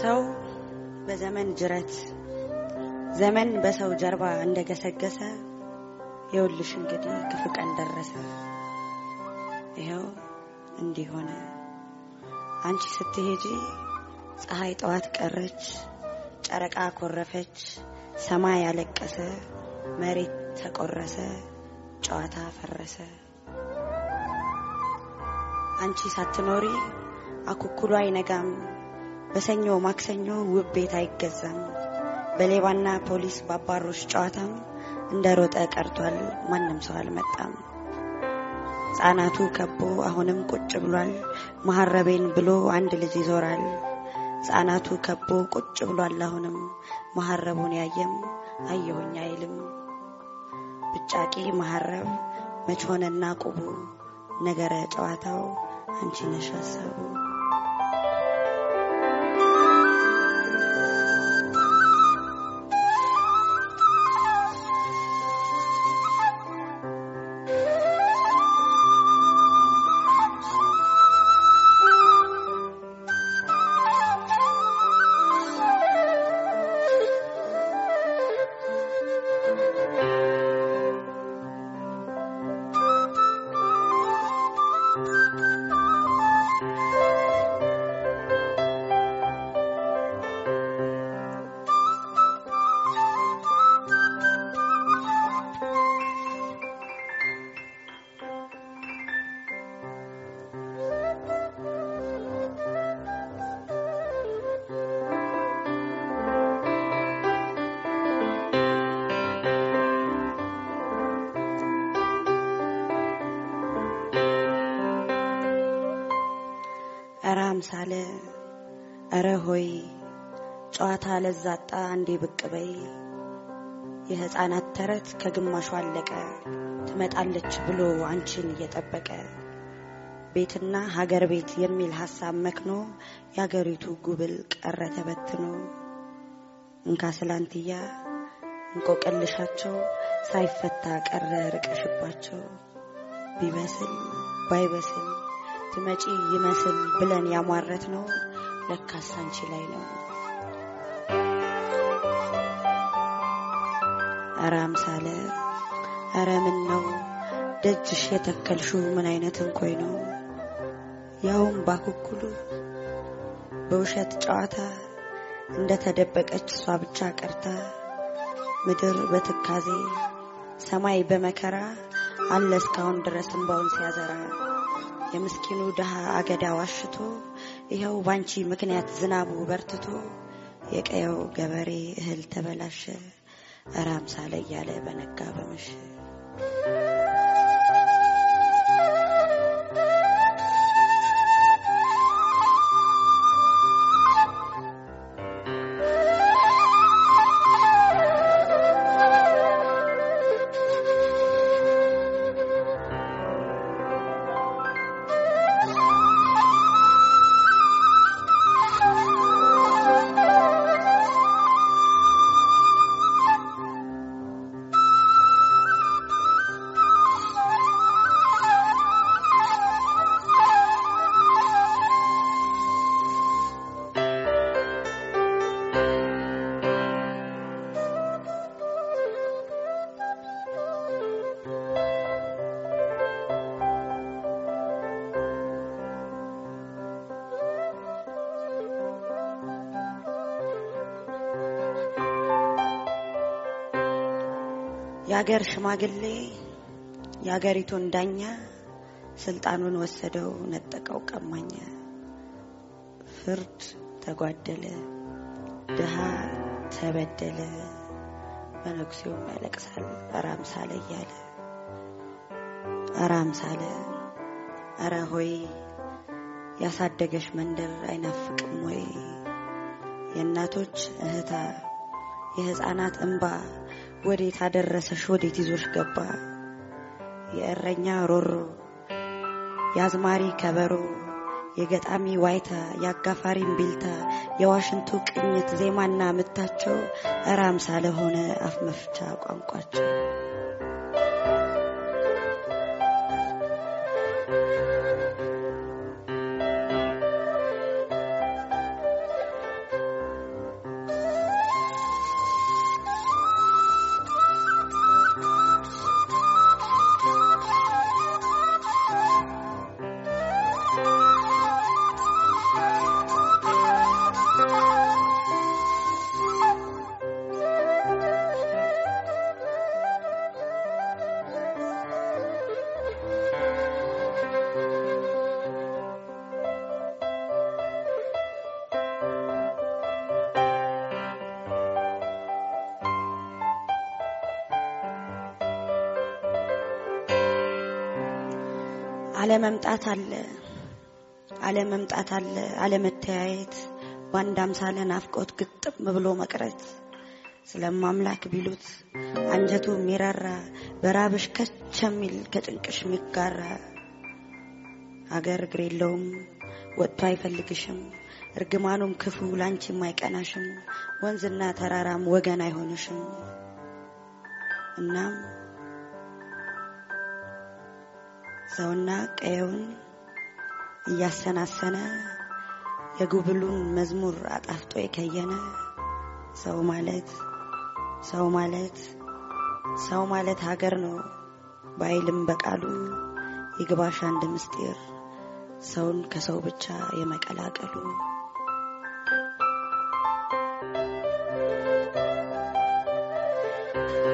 ሰው በዘመን ጅረት ዘመን በሰው ጀርባ እንደገሰገሰ የውልሽ እንግዲህ ክፉ ቀን ደረሰ። ይኸው እንዲህ ሆነ። አንቺ ስትሄጂ ፀሐይ ጠዋት ቀረች፣ ጨረቃ ኮረፈች፣ ሰማይ ያለቀሰ፣ መሬት ተቆረሰ፣ ጨዋታ ፈረሰ። አንቺ ሳትኖሪ አኩኩሉ አይነጋም፣ በሰኞ ማክሰኞ ውብ ቤት አይገዛም። በሌባና ፖሊስ ባባሮች ጨዋታም እንደ ሮጠ ቀርቷል፣ ማንም ሰው አልመጣም። ሕፃናቱ ከቦ አሁንም ቁጭ ብሏል፣ መሐረቤን ብሎ አንድ ልጅ ይዞራል። ሕፃናቱ ከቦ ቁጭ ብሏል፣ አሁንም መሐረቡን ያየም አየሁኝ አይልም። ብጫቂ መሀረብ መች ሆነና ቁቡ ነገረ ጨዋታው አንቺ ነሽ ሳለ እረ ሆይ ጨዋታ ለዛጣ እንዴ ብቅ በይ የሕፃናት ተረት ከግማሹ አለቀ ትመጣለች ብሎ አንቺን እየጠበቀ ቤትና ሀገር ቤት የሚል ሀሳብ መክኖ የአገሪቱ ጉብል ቀረ ተበትኖ እንካ ስላንትያ እንቆቀልሻቸው ሳይፈታ ቀረ ርቀሽባቸው ቢበስል ባይበስል ትመጪ ይመስል ብለን ያሟረት ነው ለካስ አንቺ ላይ ነው። ኧረ አምሳለ ኧረ ምን ነው ደጅሽ የተከልሽው ምን አይነት እንኮይ ነው? ያውም ባኩኩሉ በውሸት ጨዋታ እንደ ተደበቀች እሷ ብቻ ቀርታ ምድር በትካዜ ሰማይ በመከራ አለ እስካሁን ድረስ እንባውን ሲያዘራ የምስኪኑ ድሃ አገዳ ዋሽቶ ይኸው ባንቺ ምክንያት ዝናቡ በርትቶ የቀየው ገበሬ እህል ተበላሸ ራምሳ ላይ ያለ በነጋ በመሸ የሀገር ሽማግሌ የሀገሪቱን ዳኛ ስልጣኑን ወሰደው፣ ነጠቀው፣ ቀማኛ ፍርድ ተጓደለ፣ ድሃ ተበደለ፣ መነኩሴውም ያለቅሳል አራምሳለ እያለ አራምሳለ አረ ሆይ ያሳደገሽ መንደር አይናፍቅም ወይ? የእናቶች እህታ የህፃናት እንባ ወዴት አደረሰሽ? ወዴት ይዞሽ ገባ? የእረኛ ሮሮ፣ የአዝማሪ ከበሮ፣ የገጣሚ ዋይታ፣ የአጋፋሪ እምቢልታ፣ የዋሽንቱ ቅኝት ዜማና ምታቸው እራምሳ ለሆነ አፍ መፍቻ ቋንቋቸው አለመምጣት አለ አለመምጣት አለ አለመተያየት ባንዳም ሳለ ናፍቆት ግጥም ብሎ መቅረት ስለማምላክ ቢሉት አንጀቱ ሚራራ በራብሽ ከቸሚል የሚል ከጭንቅሽ የሚጋራ አገር እግር የለውም ወጥቶ አይፈልግሽም እርግማኑም ክፉ ላንቺም አይቀናሽም ወንዝና ተራራም ወገን አይሆንሽም እናም ሰውና ቀየውን እያሰናሰነ የጉብሉን መዝሙር አጣፍጦ የከየነ ሰው ማለት ሰው ማለት ሰው ማለት ሀገር ነው ባይልም በቃሉ ይግባሽ አንድ ምስጢር ሰውን ከሰው ብቻ የመቀላቀሉ thank you